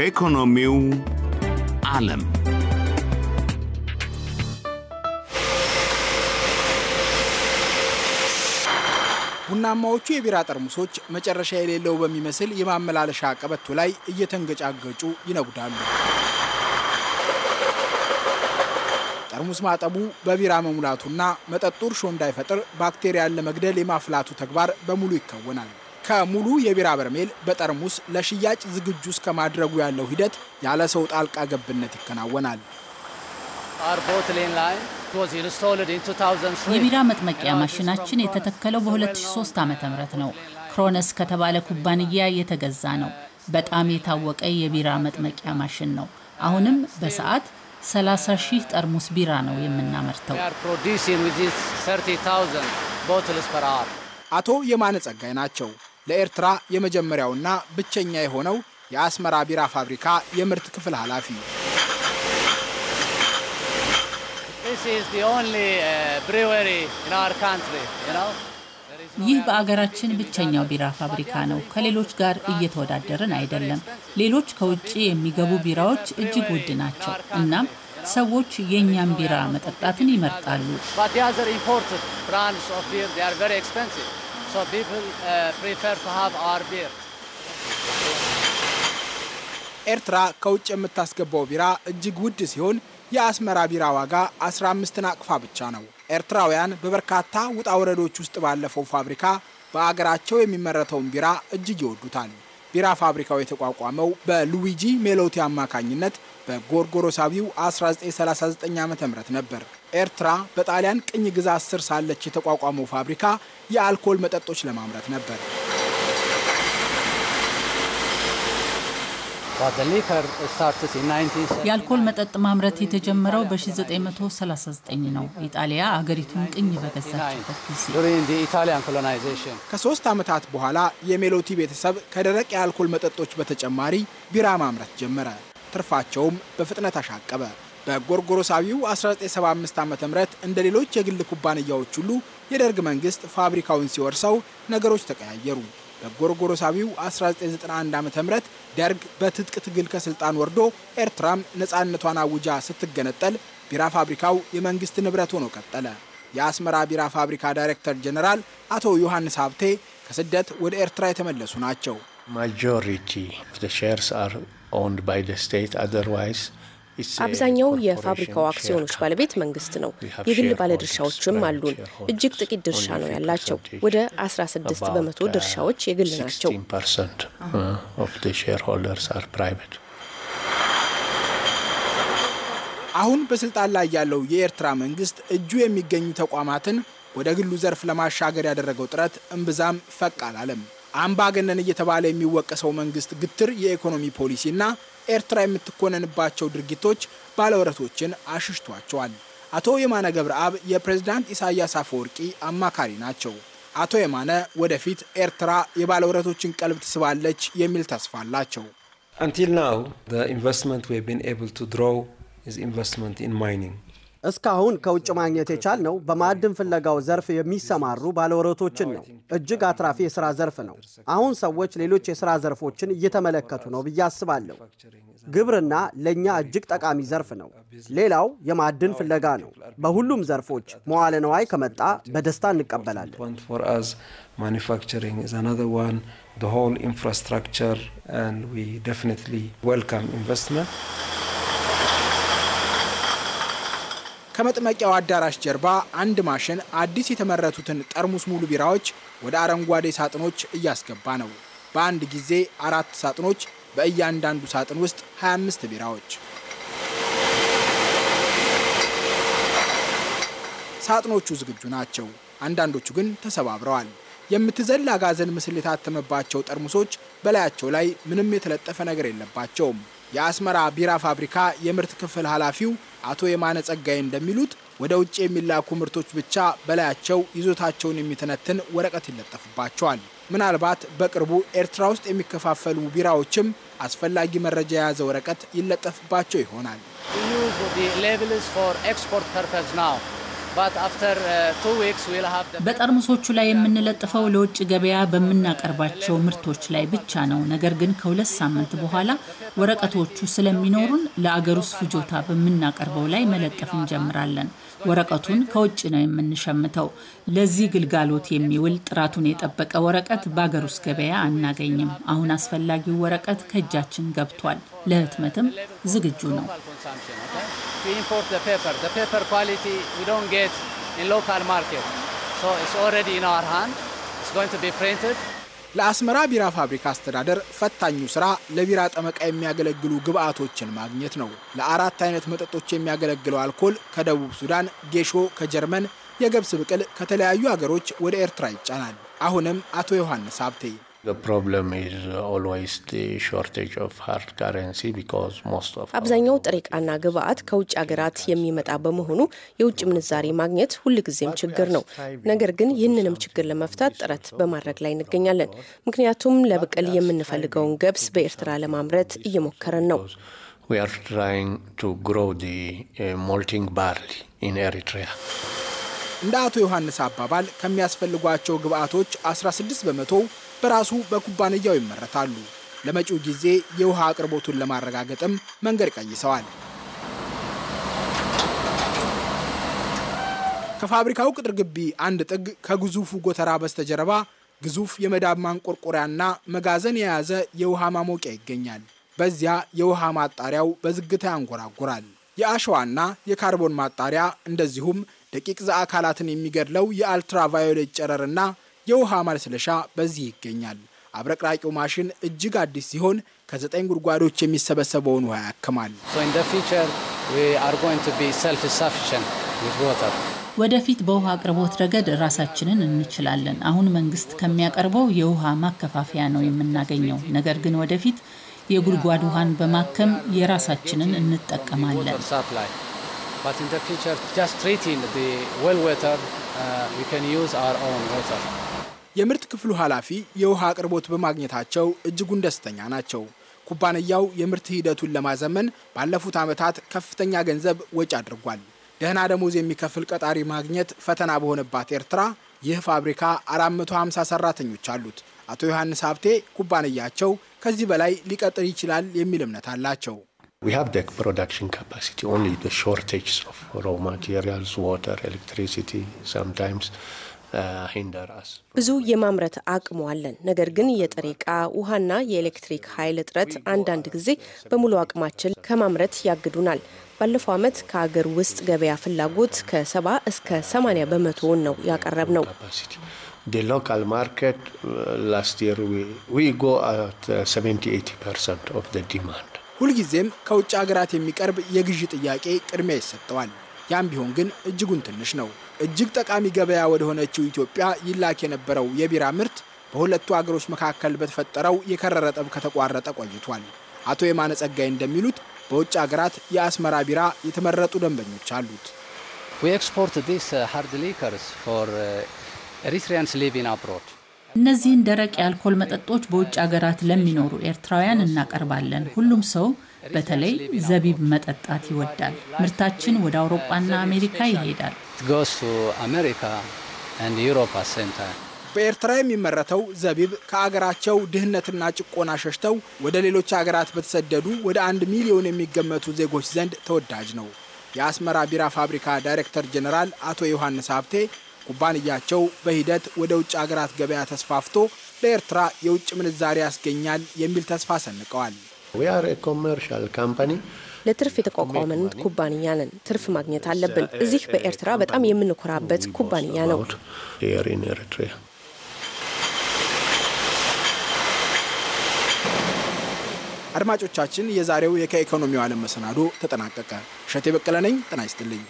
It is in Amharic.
ከኢኮኖሚው ዓለም ቡናማዎቹ የቢራ ጠርሙሶች መጨረሻ የሌለው በሚመስል የማመላለሻ ቀበቶ ላይ እየተንገጫገጩ ይነጉዳሉ። ጠርሙስ ማጠቡ በቢራ መሙላቱና መጠጡ እርሾ እንዳይፈጥር ባክቴሪያን ለመግደል የማፍላቱ ተግባር በሙሉ ይከወናል። ከሙሉ የቢራ በርሜል በጠርሙስ ለሽያጭ ዝግጁ እስከ ማድረጉ ያለው ሂደት ያለ ሰው ጣልቃ ገብነት ይከናወናል። የቢራ መጥመቂያ ማሽናችን የተተከለው በ2003 ዓ ም ነው። ክሮነስ ከተባለ ኩባንያ የተገዛ ነው። በጣም የታወቀ የቢራ መጥመቂያ ማሽን ነው። አሁንም በሰዓት 30 ሺህ ጠርሙስ ቢራ ነው የምናመርተው። አቶ የማነ ጸጋይ ናቸው። ለኤርትራ የመጀመሪያውና ብቸኛ የሆነው የአስመራ ቢራ ፋብሪካ የምርት ክፍል ኃላፊ uh, ይህ በአገራችን ብቸኛው ቢራ ፋብሪካ ነው። ከሌሎች ጋር እየተወዳደርን አይደለም። ሌሎች ከውጭ የሚገቡ ቢራዎች እጅግ ውድ ናቸው። እናም ሰዎች የእኛም ቢራ መጠጣትን ይመርጣሉ። So people uh, prefer to have our beer. ኤርትራ ከውጭ የምታስገባው ቢራ እጅግ ውድ ሲሆን የአስመራ ቢራ ዋጋ 15 ናቅፋ ብቻ ነው። ኤርትራውያን በበርካታ ውጣ ውረዶች ውስጥ ባለፈው ፋብሪካ በአገራቸው የሚመረተውን ቢራ እጅግ ይወዱታል። ቢራ ፋብሪካው የተቋቋመው በሉዊጂ ሜሎቲ አማካኝነት በጎርጎሮሳቢው 1939 ዓ.ም ነበር። ኤርትራ በጣሊያን ቅኝ ግዛት ስር ሳለች የተቋቋመው ፋብሪካ የአልኮል መጠጦች ለማምረት ነበር። የአልኮል መጠጥ ማምረት የተጀመረው በ1939 ነው። ኢጣሊያ አገሪቱን ቅኝ በገዛችበት ጊዜ። ከሶስት ዓመታት በኋላ የሜሎቲ ቤተሰብ ከደረቅ የአልኮል መጠጦች በተጨማሪ ቢራ ማምረት ጀመረ። ትርፋቸውም በፍጥነት አሻቀበ። በጎርጎሮሳዊው 1975 ዓ ም እንደ ሌሎች የግል ኩባንያዎች ሁሉ የደርግ መንግስት ፋብሪካውን ሲወርሰው ነገሮች ተቀያየሩ። በጎርጎሮሳዊው 1991 ዓ ም ደርግ በትጥቅ ትግል ከስልጣን ወርዶ ኤርትራም ነፃነቷን አውጃ ስትገነጠል ቢራ ፋብሪካው የመንግስት ንብረት ሆኖ ቀጠለ። የአስመራ ቢራ ፋብሪካ ዳይሬክተር ጀኔራል አቶ ዮሐንስ ሀብቴ ከስደት ወደ ኤርትራ የተመለሱ ናቸው። ማጆሪቲ ሼርስ አር ኦውንድ ባይ ስቴት አዘርዋይስ አብዛኛው የፋብሪካው አክሲዮኖች ባለቤት መንግስት ነው። የግል ባለድርሻዎችም አሉን። እጅግ ጥቂት ድርሻ ነው ያላቸው። ወደ 16 uh, በመቶ ድርሻዎች የግል ናቸው። uh, አሁን በስልጣን ላይ ያለው የኤርትራ መንግስት እጁ የሚገኙ ተቋማትን ወደ ግሉ ዘርፍ ለማሻገር ያደረገው ጥረት እምብዛም ፈቅ አላለም። አምባገነን እየተባለ የሚወቀሰው መንግስት ግትር የኢኮኖሚ ፖሊሲና ኤርትራ የምትኮነንባቸው ድርጊቶች ባለውረቶችን አሽሽቷቸዋል። አቶ የማነ ገብረአብ የፕሬዝዳንት ኢሳያስ አፈወርቂ አማካሪ ናቸው። አቶ የማነ ወደፊት ኤርትራ የባለውረቶችን ቀልብ ትስባለች የሚል ተስፋ አላቸው። አንቲል ናው ኢንቨስትመንት ዊ ቢን ኤብል ቱ ኢንቨስትመንት ኢን ማይኒንግ እስካሁን ከውጭ ማግኘት የቻል ነው በማዕድን ፍለጋው ዘርፍ የሚሰማሩ ባለወረቶችን ነው። እጅግ አትራፊ የስራ ዘርፍ ነው። አሁን ሰዎች ሌሎች የስራ ዘርፎችን እየተመለከቱ ነው ብዬ አስባለሁ። ግብርና ለእኛ እጅግ ጠቃሚ ዘርፍ ነው። ሌላው የማዕድን ፍለጋ ነው። በሁሉም ዘርፎች መዋለ ነዋይ ከመጣ በደስታ እንቀበላለን። ኢንፍራስትራክቸር ኢንቨስትመንት ከመጥመቂያው አዳራሽ ጀርባ አንድ ማሽን አዲስ የተመረቱትን ጠርሙስ ሙሉ ቢራዎች ወደ አረንጓዴ ሳጥኖች እያስገባ ነው። በአንድ ጊዜ አራት ሳጥኖች፣ በእያንዳንዱ ሳጥን ውስጥ 25 ቢራዎች። ሳጥኖቹ ዝግጁ ናቸው። አንዳንዶቹ ግን ተሰባብረዋል። የምትዘል አጋዘን ምስል የታተመባቸው ጠርሙሶች በላያቸው ላይ ምንም የተለጠፈ ነገር የለባቸውም። የአስመራ ቢራ ፋብሪካ የምርት ክፍል ኃላፊው አቶ የማነ ጸጋይ እንደሚሉት ወደ ውጭ የሚላኩ ምርቶች ብቻ በላያቸው ይዞታቸውን የሚተነትን ወረቀት ይለጠፍባቸዋል። ምናልባት በቅርቡ ኤርትራ ውስጥ የሚከፋፈሉ ቢራዎችም አስፈላጊ መረጃ የያዘ ወረቀት ይለጠፍባቸው ይሆናል። Uh, በጠርሙሶቹ ላይ የምንለጥፈው ለውጭ ገበያ በምናቀርባቸው ምርቶች ላይ ብቻ ነው። ነገር ግን ከሁለት ሳምንት በኋላ ወረቀቶቹ ስለሚኖሩን ለአገር ውስጥ ፍጆታ በምናቀርበው ላይ መለጠፍ እንጀምራለን። ወረቀቱን ከውጭ ነው የምንሸምተው። ለዚህ ግልጋሎት የሚውል ጥራቱን የጠበቀ ወረቀት በአገር ውስጥ ገበያ አናገኝም። አሁን አስፈላጊው ወረቀት ከእጃችን ገብቷል። ለህትመትም ዝግጁ ነው። to import the paper. The paper quality we don't get in local market. So it's already in our hand. It's going to be printed. ለአስመራ ቢራ ፋብሪካ አስተዳደር ፈታኙ ስራ ለቢራ ጠመቃ የሚያገለግሉ ግብአቶችን ማግኘት ነው። ለአራት አይነት መጠጦች የሚያገለግለው አልኮል ከደቡብ ሱዳን፣ ጌሾ ከጀርመን፣ የገብስ ብቅል ከተለያዩ አገሮች ወደ ኤርትራ ይጫናል። አሁንም አቶ ዮሐንስ ሀብቴ አብዛኛው ጥሬ ዕቃና ግብአት ከውጭ ሀገራት የሚመጣ በመሆኑ የውጭ ምንዛሬ ማግኘት ሁልጊዜም ችግር ነው። ነገር ግን ይህንንም ችግር ለመፍታት ጥረት በማድረግ ላይ እንገኛለን። ምክንያቱም ለብቅል የምንፈልገውን ገብስ በኤርትራ ለማምረት እየሞከረን ነው። We are እንደ አቶ ዮሐንስ አባባል ከሚያስፈልጓቸው ግብአቶች 16 በመቶ በራሱ በኩባንያው ይመረታሉ። ለመጪው ጊዜ የውሃ አቅርቦቱን ለማረጋገጥም መንገድ ቀይሰዋል። ከፋብሪካው ቅጥር ግቢ አንድ ጥግ ከግዙፉ ጎተራ በስተጀርባ ግዙፍ የመዳብ ማንቆርቆሪያና መጋዘን የያዘ የውሃ ማሞቂያ ይገኛል። በዚያ የውሃ ማጣሪያው በዝግታ ያንጎራጉራል። የአሸዋና የካርቦን ማጣሪያ እንደዚሁም ደቂቅ አካላትን የሚገድለው የአልትራቫዮሌት ጨረርና የውሃ ማለስለሻ በዚህ ይገኛል። አብረቅራቂው ማሽን እጅግ አዲስ ሲሆን ከዘጠኝ ጉድጓዶች የሚሰበሰበውን ውሃ ያክማል። ወደፊት በውሃ አቅርቦት ረገድ ራሳችንን እንችላለን። አሁን መንግስት ከሚያቀርበው የውሃ ማከፋፈያ ነው የምናገኘው። ነገር ግን ወደፊት የጉድጓድ ውሃን በማከም የራሳችንን እንጠቀማለን። but in the future just treating the well water uh, we can use our own water የምርት ክፍሉ ኃላፊ የውሃ አቅርቦት በማግኘታቸው እጅጉን ደስተኛ ናቸው። ኩባንያው የምርት ሂደቱን ለማዘመን ባለፉት ዓመታት ከፍተኛ ገንዘብ ወጪ አድርጓል። ደህና ደሞዝ የሚከፍል ቀጣሪ ማግኘት ፈተና በሆነባት ኤርትራ ይህ ፋብሪካ 450 ሰራተኞች አሉት። አቶ ዮሐንስ ሀብቴ ኩባንያቸው ከዚህ በላይ ሊቀጥር ይችላል የሚል እምነት አላቸው። We have the production capacity, only the shortage of raw materials, water, electricity sometimes uh, ብዙ የማምረት አቅሙ አለን። ነገር ግን የጥሬ ዕቃ ውሃና የኤሌክትሪክ ኃይል እጥረት አንዳንድ ጊዜ በሙሉ አቅማችን ከማምረት ያግዱናል። ባለፈው ዓመት ከአገር ውስጥ ገበያ ፍላጎት ከሰባ እስከ ሰማንያ በመቶውን ነው ያቀረብ ነው። ሎካል ማርኬት ላስት ይር ጎ አት ሰቨንቲ ኤይቲ ፐርሰንት ኦፍ ዲማንድ ሁልጊዜም ከውጭ ሀገራት የሚቀርብ የግዢ ጥያቄ ቅድሚያ ይሰጠዋል። ያም ቢሆን ግን እጅጉን ትንሽ ነው። እጅግ ጠቃሚ ገበያ ወደ ሆነችው ኢትዮጵያ ይላክ የነበረው የቢራ ምርት በሁለቱ አገሮች መካከል በተፈጠረው የከረረ ጠብ ከተቋረጠ ቆይቷል። አቶ የማነ ጸጋይ እንደሚሉት በውጭ ሀገራት የአስመራ ቢራ የተመረጡ ደንበኞች አሉት። ዊ ኤክስፖርት ዲስ ሃርድ ሊከርስ ፎር ኤሪትሪያንስ ሊቪንግ አብሮድ እነዚህን ደረቅ የአልኮል መጠጦች በውጭ ሀገራት ለሚኖሩ ኤርትራውያን እናቀርባለን። ሁሉም ሰው በተለይ ዘቢብ መጠጣት ይወዳል። ምርታችን ወደ አውሮፓና አሜሪካ ይሄዳል። በኤርትራ የሚመረተው ዘቢብ ከአገራቸው ድህነትና ጭቆና ሸሽተው ወደ ሌሎች አገራት በተሰደዱ ወደ አንድ ሚሊዮን የሚገመቱ ዜጎች ዘንድ ተወዳጅ ነው። የአስመራ ቢራ ፋብሪካ ዳይሬክተር ጀኔራል አቶ ዮሐንስ ሀብቴ ኩባንያቸው በሂደት ወደ ውጭ ሀገራት ገበያ ተስፋፍቶ ለኤርትራ የውጭ ምንዛሪ ያስገኛል የሚል ተስፋ ሰንቀዋል። ለትርፍ የተቋቋመን ኩባንያ ነን። ትርፍ ማግኘት አለብን። እዚህ በኤርትራ በጣም የምንኮራበት ኩባንያ ነው። አድማጮቻችን፣ የዛሬው የከኢኮኖሚው ዓለም መሰናዶ ተጠናቀቀ። እሸቴ በቀለ ነኝ። ጤና ይስጥልኝ።